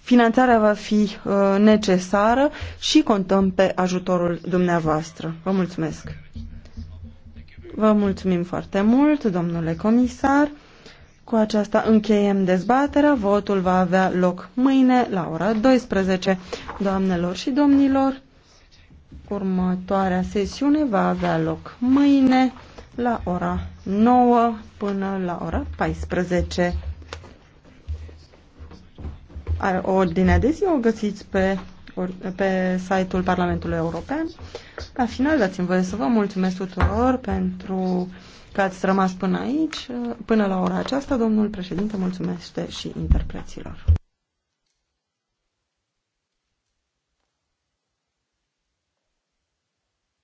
Finanțarea va fi uh, necesară și contăm pe ajutorul dumneavoastră. Vă mulțumesc! Vă mulțumim foarte mult, domnule comisar. Cu aceasta încheiem dezbaterea. Votul va avea loc mâine la ora 12. Doamnelor și domnilor, următoarea sesiune va avea loc mâine la ora 9 până la ora 14. Ordinea de zi o găsiți pe, pe site-ul Parlamentului European. La final, dați-mi voie să vă mulțumesc tuturor pentru că ați rămas până aici. Până la ora aceasta, domnul președinte mulțumesc și interpreților.